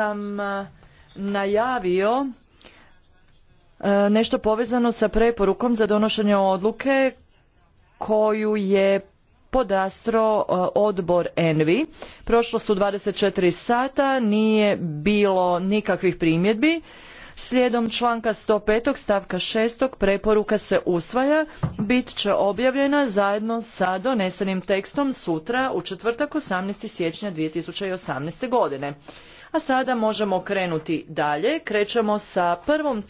sam e, najavio e, nešto povezano sa preporukom za donošenje odluke koju je podastro e, odbor Envi. Prošlo su 24 sata, nije bilo nikakvih primjedbi. Slijedom članka 105. stavka 6. preporuka se usvaja bit će objavljena zajedno sa donesenim tekstom sutra u četvrtak 18. siječnja 2018. godine. A sada možemo krenuti dalje. Krećemo sa prvom